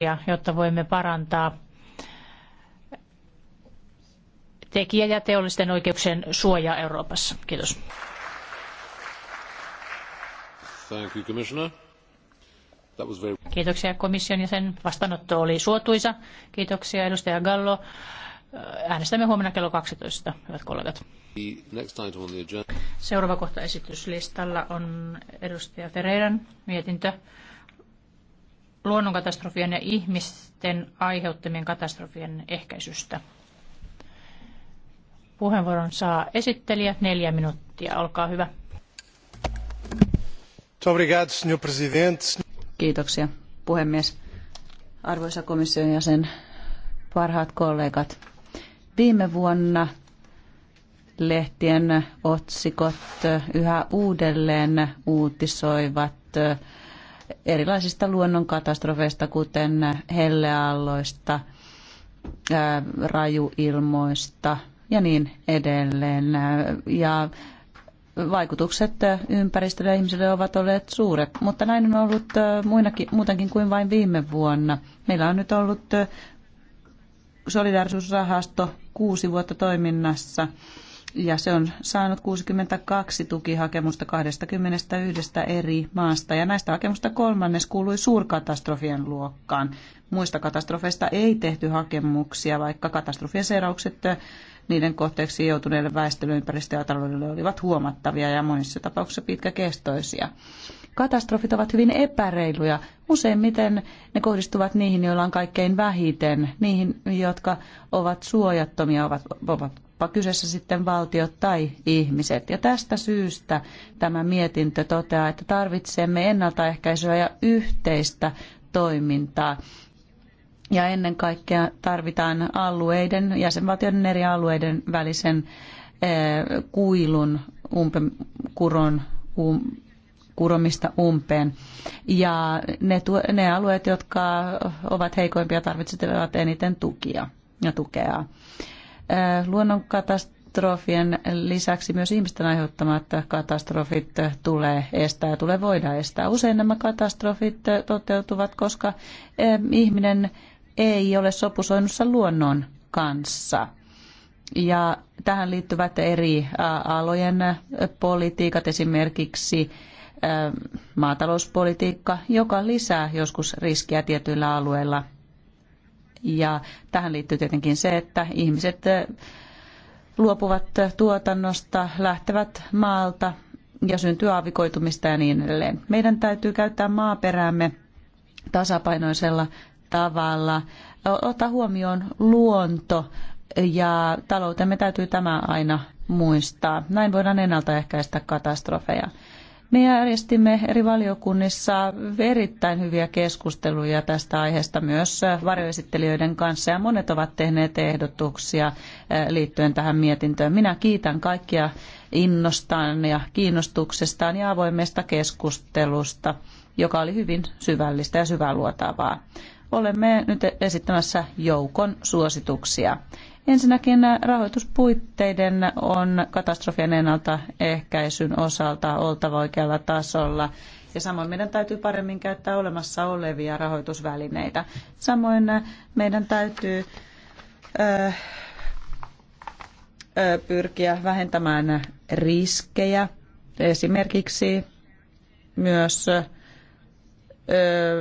ja jotta voimme parantaa tekijä- ja teollisten oikeuksien suojaa Euroopassa. Kiitos. Thank you, Commissioner. That was very... Kiitoksia komission ja sen vastaanotto oli suotuisa. Kiitoksia edustaja Gallo. Äänestämme huomenna kello 12, hyvät kollegat. Seuraava kohta esityslistalla on edustaja Ferreiran mietintö luonnonkatastrofien ja ihmisten aiheuttamien katastrofien ehkäisystä. Puheenvuoron saa esittelijä neljä minuuttia. Olkaa hyvä. Kiitoksia, puhemies. Arvoisa komission jäsen, parhaat kollegat. Viime vuonna lehtien otsikot yhä uudelleen uutisoivat erilaisista luonnonkatastrofeista, kuten helleaalloista, rajuilmoista ja niin edelleen. Ja vaikutukset ympäristölle ja ihmisille ovat olleet suuret, mutta näin on ollut muinakin, muutenkin kuin vain viime vuonna. Meillä on nyt ollut solidaarisuusrahasto kuusi vuotta toiminnassa ja se on saanut 62 tukihakemusta 21 eri maasta ja näistä hakemusta kolmannes kuului suurkatastrofien luokkaan. Muista katastrofeista ei tehty hakemuksia, vaikka katastrofien seuraukset niiden kohteeksi joutuneille väestölle, ja taloudelle olivat huomattavia ja monissa tapauksissa pitkäkestoisia. Katastrofit ovat hyvin epäreiluja. Useimmiten ne kohdistuvat niihin, joilla on kaikkein vähiten, niihin, jotka ovat suojattomia, ovat, ovat olipa kyseessä sitten valtiot tai ihmiset. Ja tästä syystä tämä mietintö toteaa, että tarvitsemme ennaltaehkäisyä ja yhteistä toimintaa. Ja ennen kaikkea tarvitaan alueiden, jäsenvaltioiden eri alueiden välisen eh, kuilun umpe kuron, um, kuromista umpeen. Ja ne, ne alueet, jotka ovat heikoimpia, tarvitsevat eniten tukia ja tukea. Äh, luonnonkatastrofien lisäksi myös ihmisten aiheuttamat katastrofit tulee estää ja tulee voida estää. Usein nämä katastrofit toteutuvat, koska äh, ihminen ei ole sopusoinnussa luonnon kanssa. Ja tähän liittyvät eri äh, alojen politiikat, esimerkiksi maatalouspolitiikka, joka lisää joskus riskiä tietyillä alueilla ja tähän liittyy tietenkin se, että ihmiset eh, luopuvat tuotannosta, lähtevät maalta ja syntyy aavikoitumista ja niin edelleen. Meidän täytyy käyttää maaperäämme tasapainoisella tavalla, ottaa huomioon luonto ja taloutemme täytyy tämä aina muistaa. Näin voidaan ennaltaehkäistä katastrofeja. Me järjestimme eri valiokunnissa erittäin hyviä keskusteluja tästä aiheesta myös varjoesittelijöiden kanssa ja monet ovat tehneet ehdotuksia eh, liittyen tähän mietintöön. Minä kiitän kaikkia innostaan ja kiinnostuksestaan ja avoimesta keskustelusta, joka oli hyvin syvällistä ja syväluotaavaa. Olemme nyt esittämässä joukon suosituksia. Ensinnäkin rahoituspuitteiden on katastrofien ennaltaehkäisyn osalta oltava oikealla tasolla ja samoin meidän täytyy paremmin käyttää olemassa olevia rahoitusvälineitä. Samoin meidän täytyy pyrkiä vähentämään riskejä, esimerkiksi myös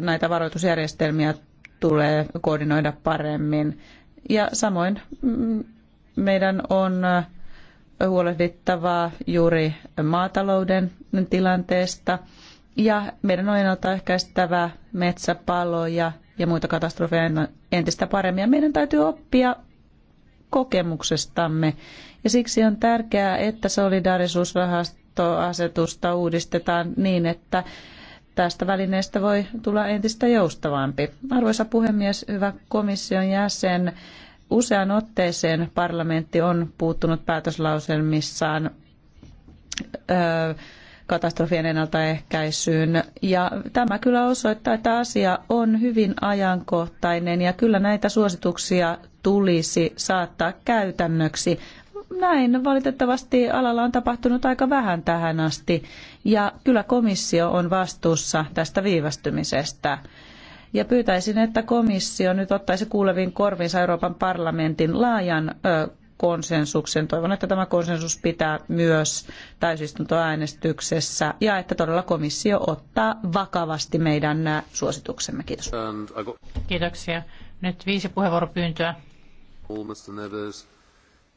näitä varoitusjärjestelmiä tulee koordinoida paremmin. Ja samoin mm, meidän on huolehdittava juuri maatalouden tilanteesta ja meidän on ennaltaehkäistävä metsäpaloja ja muita katastrofeja entistä paremmin. Ja meidän täytyy oppia kokemuksestamme. Ja siksi on tärkeää, että solidaarisuusrahastoasetusta uudistetaan niin, että tästä välineestä voi tulla entistä joustavampi. Arvoisa puhemies, hyvä komission jäsen, usean otteeseen parlamentti on puuttunut päätöslauselmissaan öö, katastrofien ennaltaehkäisyyn. Ja tämä kyllä osoittaa, että asia on hyvin ajankohtainen ja kyllä näitä suosituksia tulisi saattaa käytännöksi näin valitettavasti alalla on tapahtunut aika vähän tähän asti ja kyllä komissio on vastuussa tästä viivästymisestä. Ja pyytäisin, että komissio nyt ottaisi kuuleviin korviinsa Euroopan parlamentin laajan ö, konsensuksen. Toivon, että tämä konsensus pitää myös täysistuntoäänestyksessä ja että todella komissio ottaa vakavasti meidän suosituksemme. Kiitos. Kiitoksia. Nyt viisi puheenvuoropyyntöä. All Mr.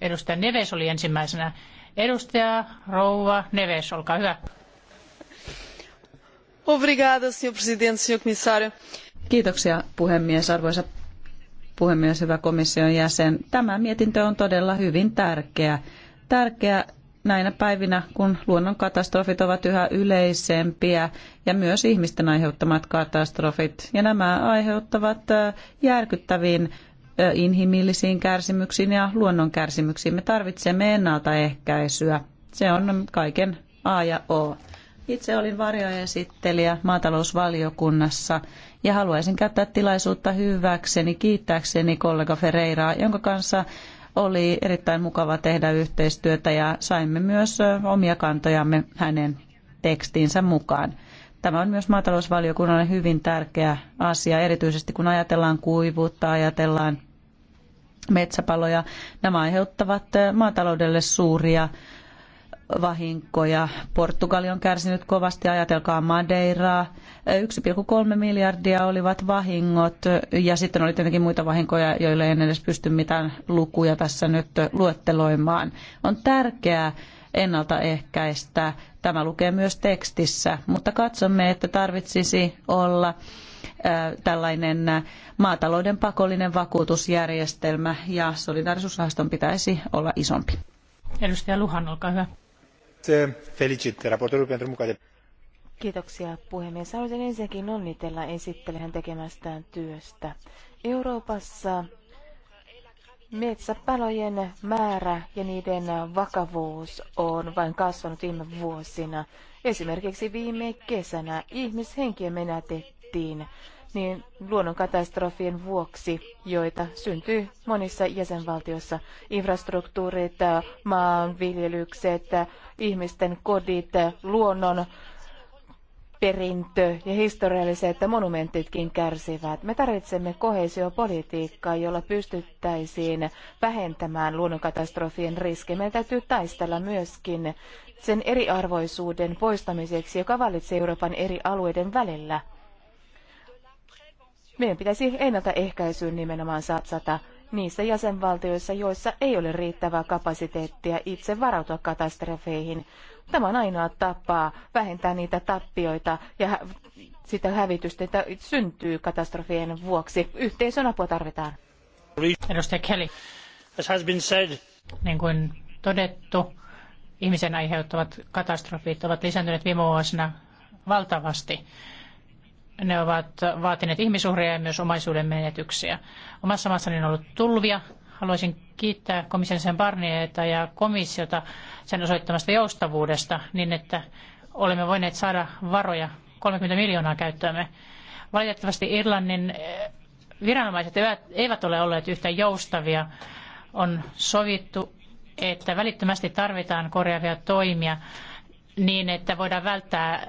Edustaja Neves oli ensimmäisenä. Edustaja Rouva Neves, olkaa hyvä. Obrigada, senhor presidente, senhor komissario. Kiitoksia puhemies, arvoisa puhemies, hyvä komission jäsen. Tämä mietintö on todella hyvin tärkeä. Tärkeä näinä päivinä, kun luonnonkatastrofit ovat yhä yleisempiä ja myös ihmisten aiheuttamat katastrofit. Ja nämä aiheuttavat äh, järkyttäviin inhimillisiin kärsimyksiin ja luonnon kärsimyksiin. Me tarvitsemme ennaltaehkäisyä. Se on kaiken A ja O. Itse olin varjoesittelijä maatalousvaliokunnassa ja haluaisin käyttää tilaisuutta hyväkseni, kiittääkseni kollega Ferreiraa, jonka kanssa oli erittäin mukava tehdä yhteistyötä ja saimme myös omia kantojamme hänen tekstiinsä mukaan. Tämä on myös maatalousvaliokunnalle hyvin tärkeä asia, erityisesti kun ajatellaan kuivuutta, ajatellaan metsäpaloja. Nämä aiheuttavat eh, maataloudelle suuria vahinkoja. Portugali on kärsinyt kovasti, ajatelkaa Madeiraa. 1,3 eh, miljardia olivat vahingot eh, ja sitten oli tietenkin muita vahinkoja, joille en edes pysty mitään lukuja tässä nyt luetteloimaan. On tärkeää ennaltaehkäistä, tämä lukee myös tekstissä, mutta katsomme, että tarvitsisi olla tällainen maatalouden pakollinen vakuutusjärjestelmä ja solidaarisuusrahaston pitäisi olla isompi. Edustaja Luhan, olkaa hyvä. Kiitoksia puhemies. Haluaisin ensinnäkin onnitella esittelijän tekemästään työstä. Euroopassa metsäpalojen määrä ja niiden vakavuus on vain kasvanut viime vuosina. Esimerkiksi viime kesänä ihmishenkiä menetettiin budjettiin niin luonnonkatastrofien vuoksi, joita syntyy monissa jäsenvaltioissa. Infrastruktuurit, maanviljelykset, ihmisten kodit, luonnon perintö ja historialliset monumentitkin kärsivät. Me tarvitsemme kohesiopolitiikkaa, jolla pystyttäisiin vähentämään luonnonkatastrofien riskejä. Meidän täytyy taistella myöskin sen eriarvoisuuden poistamiseksi, joka vallitsee Euroopan eri alueiden välillä meidän pitäisi ennaltaehkäisyyn nimenomaan satsata niissä jäsenvaltioissa, joissa ei ole riittävää kapasiteettia itse varautua katastrofeihin. Tämä on ainoa tapa vähentää niitä tappioita ja sitä hävitystä, että syntyy katastrofien vuoksi. Yhteisön apua tarvitaan. Edustaja Kelly. As has been said. Niin kuin todettu, ihmisen aiheuttavat katastrofit ovat lisääntyneet viime vuosina valtavasti. Ne ovat vaatineet ihmisuhreja ja myös omaisuuden menetyksiä. Omassa maassani on ollut tulvia. Haluaisin kiittää komission sen Barnierta ja komissiota sen osoittamasta joustavuudesta niin, että olemme voineet saada varoja 30 miljoonaa käyttöömme. Valitettavasti Irlannin eh, viranomaiset eivät ole olleet yhtä joustavia. On sovittu, että välittömästi tarvitaan korjaavia toimia niin, että voidaan välttää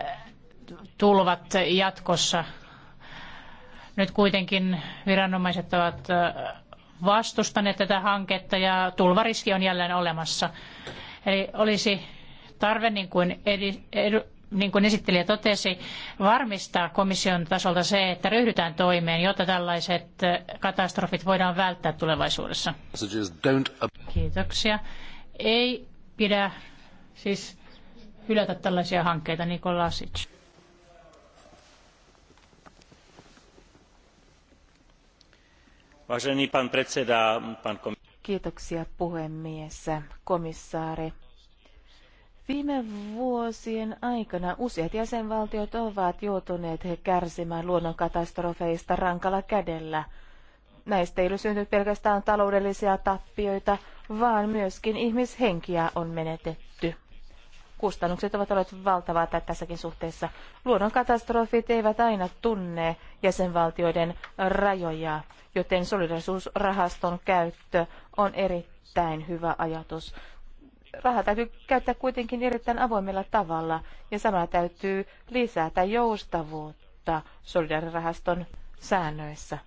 tulvat jatkossa. Nyt kuitenkin viranomaiset ovat vastustaneet tätä hanketta ja tulvariski on jälleen olemassa. Eli olisi tarve, niin kuin, edi, edu, niin kuin esittelijä totesi, varmistaa komission tasolta se, että ryhdytään toimeen, jotta tällaiset katastrofit voidaan välttää tulevaisuudessa. Kiitoksia. Ei pidä siis hylätä tällaisia hankkeita, Nikolasic. Kiitoksia puhemies, komissaari. Viime vuosien aikana useat jäsenvaltiot ovat joutuneet kärsimään luonnonkatastrofeista rankalla kädellä. Näistä ei ole syntynyt pelkästään taloudellisia tappioita, vaan myöskin ihmishenkiä on menetetty kustannukset ovat olleet valtavat tässäkin suhteessa. Luonnonkatastrofit eivät aina tunne jäsenvaltioiden rajoja, joten solidarisuusrahaston käyttö on erittäin hyvä ajatus. Raha täytyy käyttää kuitenkin erittäin avoimella tavalla ja samalla täytyy lisätä joustavuutta solidarirahaston säännöissä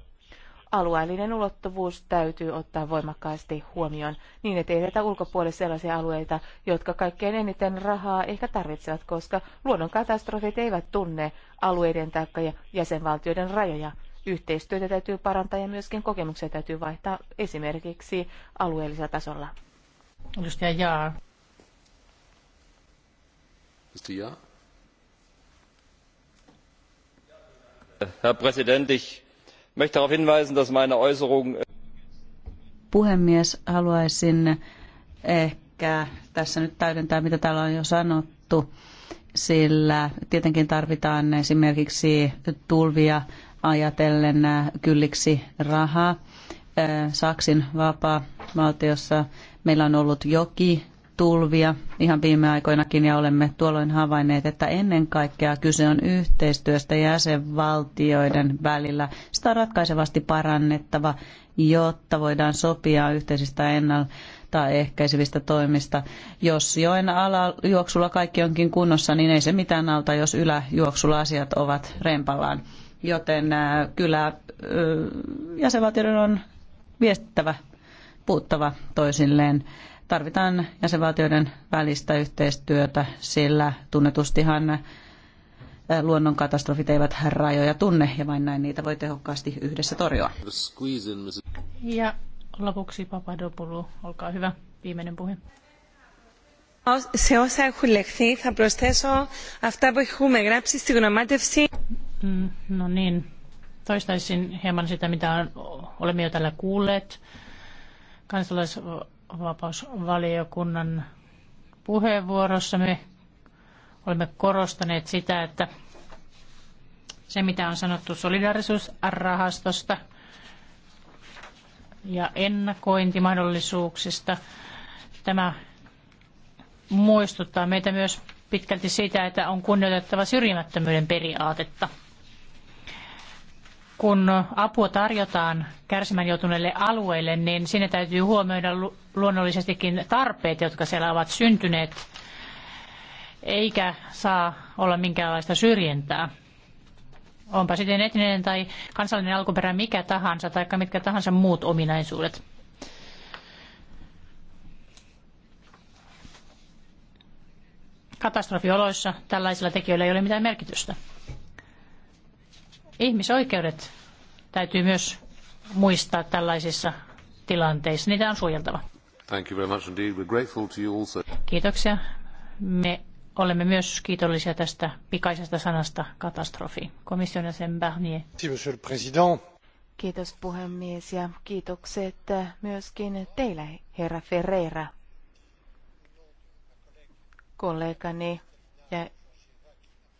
alueellinen ulottuvuus täytyy ottaa voimakkaasti huomioon niin, ettei ei jätetä ulkopuolelle sellaisia alueita, jotka kaikkein eniten rahaa ehkä tarvitsevat, koska luonnonkatastrofit eivät tunne alueiden ja jäsenvaltioiden rajoja. Yhteistyötä täytyy parantaa ja myöskin kokemuksia täytyy vaihtaa esimerkiksi alueellisella tasolla. Edustaja Jaa. Herr Präsident, ich möchte darauf hinweisen, dass meine Äußerung... Äh, Puhemies, haluaisin ehkä tässä nyt täydentää, mitä täällä on jo sanottu, sillä tietenkin tarvitaan esimerkiksi tulvia ajatellen äh, kylliksi rahaa. Äh, Saksin vapaa-valtiossa meillä on ollut joki, tulvia ihan viime aikoinakin ja olemme tuolloin havainneet, että ennen kaikkea kyse on yhteistyöstä jäsenvaltioiden välillä. Sitä on ratkaisevasti parannettava, jotta voidaan sopia yhteisistä ennalta ehkäisevistä toimista. Jos joen alajuoksulla kaikki onkin kunnossa, niin ei se mitään alta, jos yläjuoksulla asiat ovat rempallaan. Joten äh, kyllä äh, jäsenvaltioiden on viestittävä puuttava toisilleen tarvitaan jäsenvaltioiden välistä yhteistyötä, sillä tunnetustihan luonnonkatastrofit eivät rajoja tunne ja vain näin niitä voi tehokkaasti yhdessä torjua. Ja lopuksi Papadopoulou, olkaa hyvä, viimeinen puhe. Se όσα έχουν λεχθεί θα προσθέσω αυτά που έχουμε γράψει στη γνωμάτευση. Mm, no niin, toistaisin hieman sitä, mitä olemme jo täällä kuulleet. Kansalais- vapausvaliokunnan puheenvuorossa me olemme korostaneet sitä, että se mitä on sanottu solidaarisuusrahastosta ja ennakointimahdollisuuksista, tämä muistuttaa meitä myös pitkälti siitä, että on kunnioitettava syrjimättömyyden periaatetta kun apua tarjotaan kärsimään joutuneille alueille, niin sinne täytyy huomioida luonnollisestikin tarpeet, jotka siellä ovat syntyneet, eikä saa olla minkäänlaista syrjintää. Onpa sitten etninen tai kansallinen alkuperä mikä tahansa tai mitkä tahansa muut ominaisuudet. Katastrofioloissa tällaisilla tekijöillä ei ole mitään merkitystä. Ihmisoikeudet täytyy myös muistaa tällaisissa tilanteissa. Niitä on suojeltava. Kiitoksia. Me olemme myös kiitollisia tästä pikaisesta sanasta katastrofi. Komission jäsen Barnier. Kiitos puhemies ja kiitokset myöskin teille, herra Ferreira, kollegani ja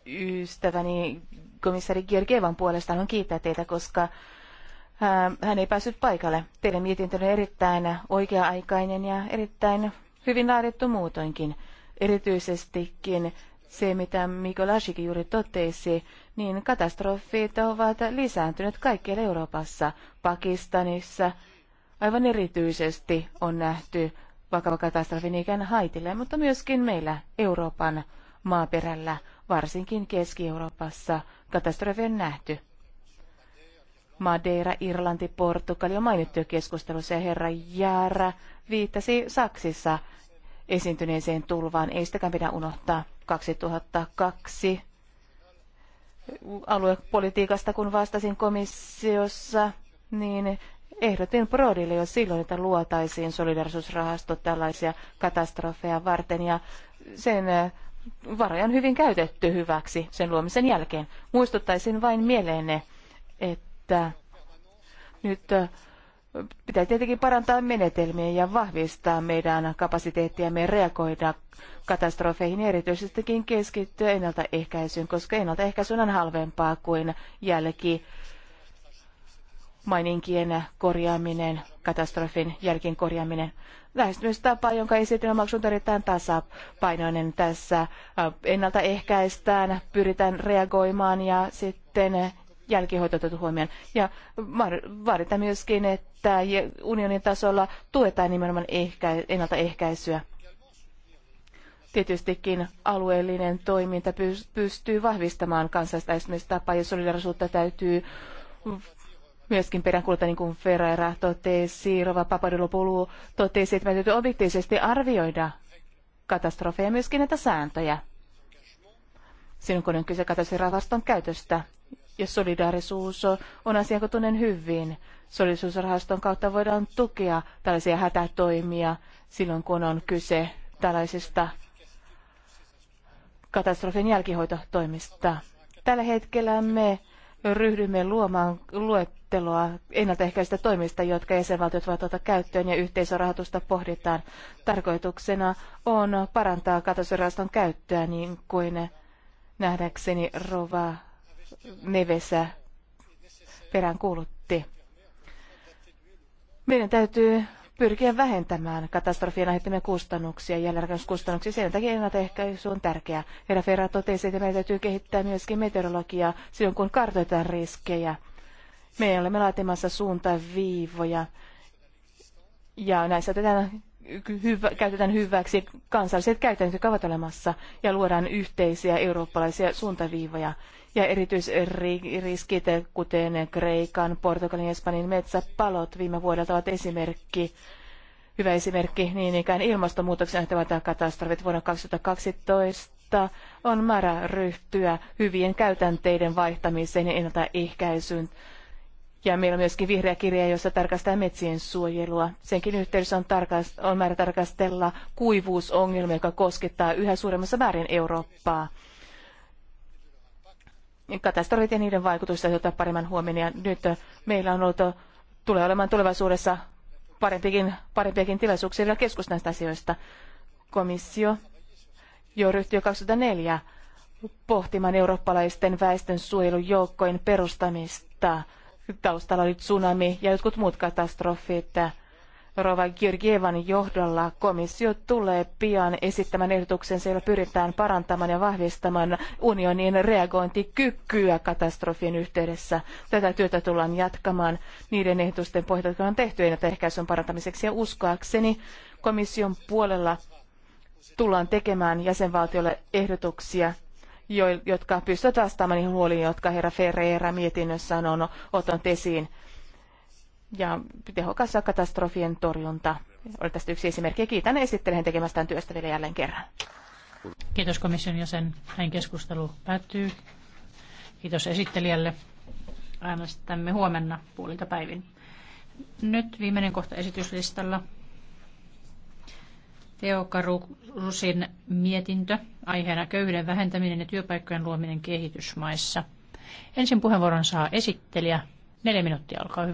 ystäväni komissari Georgievan puolesta haluan kiittää teitä, koska hän ei päässyt paikalle. Teidän mietintönne on erittäin oikea-aikainen ja erittäin hyvin laadittu muutoinkin. Erityisestikin se, mitä Mikko juuri totesi, niin katastrofit ovat lisääntyneet kaikkialla Euroopassa. Pakistanissa aivan erityisesti on nähty vakava katastrofi ikään Haitille, mutta myöskin meillä Euroopan maaperällä – varsinkin Keski-Euroopassa katastrofien nähty. Madeira, Irlanti, Portugali on mainittu jo keskustelussa ja herra Jaara viittasi Saksissa esiintyneeseen tulvaan. Ei sitäkään pidä unohtaa. 2002 aluepolitiikasta, kun vastasin komissiossa, niin ehdotin Brodille jo silloin, että luotaisiin solidarisuusrahasto tällaisia katastrofeja varten ja sen varajan on hyvin käytetty hyväksi sen luomisen jälkeen. Muistuttaisin vain mieleenne, että nyt pitää tietenkin parantaa menetelmiä ja vahvistaa meidän kapasiteettiamme reagoida katastrofeihin, erityisestikin keskittyä ennaltaehkäisyyn, koska ennaltaehkäisy on halvempaa kuin jälki maininkien korjaaminen, katastrofin jälkien korjaaminen. Lähestymistapa, jonka esitelmämaksu on erittäin tasapainoinen tässä. Äh, ennaltaehkäistään, pyritään reagoimaan ja sitten äh, jälkihoito otettu huomioon. Ja vaaditaan myöskin, että unionin tasolla tuetaan nimenomaan ehkä, ennaltaehkäisyä. Tietystikin alueellinen toiminta pystyy vahvistamaan kansallistaistumistapaa ja solidarisuutta täytyy myöskin peräänkuulta, niin kuin Ferreira totesi, Rova Papadopoulou totesi, että me täytyy objektiivisesti arvioida katastrofeja ja myöskin näitä sääntöjä. Sinun kun on kyse katastrofirahaston käytöstä. Ja solidaarisuus on asia, kun tunnen hyvin. Solidaarisuusrahaston kautta voidaan tukea tällaisia hätätoimia silloin, kun on kyse tällaisista katastrofin jälkihoitotoimista. Tällä hetkellä me ryhdymme luomaan luetteloa ennaltaehkäisistä toimista, jotka jäsenvaltiot voivat ottaa käyttöön ja yhteisörahoitusta pohditaan. Tarkoituksena on parantaa katastrofirahaston käyttöä niin kuin nähdäkseni Rova Nevesä peräänkuulutti. Meidän täytyy pyrkiä vähentämään katastrofien aiheuttamia kustannuksia, jälleenrakennuskustannuksia. Sen takia ennaltaehkäisy on tärkeää. Herra Ferra totesi, että meidän täytyy kehittää myöskin meteorologiaa silloin, kun kartoitetaan riskejä. Me olemme laatimassa suuntaviivoja ja näissä otetaan hyvä, käytetään hyväksi kansalliset käytännöt, jotka ovat olemassa, ja luodaan yhteisiä eurooppalaisia suuntaviivoja. Ja erityisriskit, kuten Kreikan, Portugalin ja Espanjan metsäpalot viime vuodelta ovat esimerkki, hyvä esimerkki, niin ikään ilmastonmuutoksen aiheuttavat katastrofit vuonna 2012 on määrä ryhtyä hyvien käytänteiden vaihtamiseen ja ennaltaehkäisyyn ja meillä on myöskin vihreä kirja, jossa tarkastetaan metsien suojelua. Senkin yhteydessä on, tarkast- on määrä tarkastella kuivuusongelmia, joka koskettaa yhä suuremmassa määrin Eurooppaa. Katastrofit ja niiden vaikutusta jota paremman huomioon. Ja nyt meillä on ollut, tulee olemaan tulevaisuudessa parempikin, parempiakin tilaisuuksia keskustella näistä asioista. Komissio jo ryhtyi jo 2004 pohtimaan eurooppalaisten väestön suojelujoukkojen perustamista – taustalla oli tsunami ja jotkut muut katastrofit. Rova Georgievan johdolla komissio tulee pian esittämään ehdotuksensa, jolla pyritään parantamaan ja vahvistamaan unionin reagointikykyä katastrofien yhteydessä. Tätä työtä tullaan jatkamaan niiden ehdotusten pohjalta, jotka on tehty ennaltaehkäisyn parantamiseksi ja uskoakseni komission puolella tullaan tekemään jäsenvaltioille ehdotuksia jotka pystyvät vastaamaan niihin huoliin, jotka herra Ferreira mietinnössään on ottanut esiin. Ja tehokas katastrofien torjunta oli tästä yksi esimerkki. Kiitän esittelen tekemästään työstä vielä jälleen kerran. Kiitos komission jäsen. Näin keskustelu päättyy. Kiitos esittelijälle. Äänestämme huomenna puolilta päivin. Nyt viimeinen kohta esityslistalla. Karusin mietintö aiheena köyhyyden vähentäminen ja työpaikkojen luominen kehitysmaissa. Ensin puheenvuoron saa esittelijä. Neljä minuuttia, olkaa hyvä.